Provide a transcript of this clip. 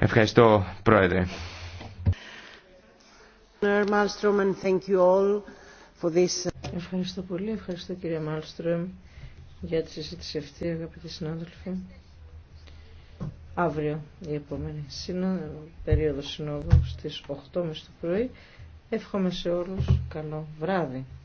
Ευχαριστώ, Πρόεδρε. Ευχαριστώ πολύ. Ευχαριστώ, κύριε Μάλστρομ, για τη συζήτηση αυτή, αγαπητοί συνάδελφοι. Αύριο η επόμενη σύνο... περίοδο συνόδου στις 8.30 το πρωί. Εύχομαι σε όλους καλό βράδυ.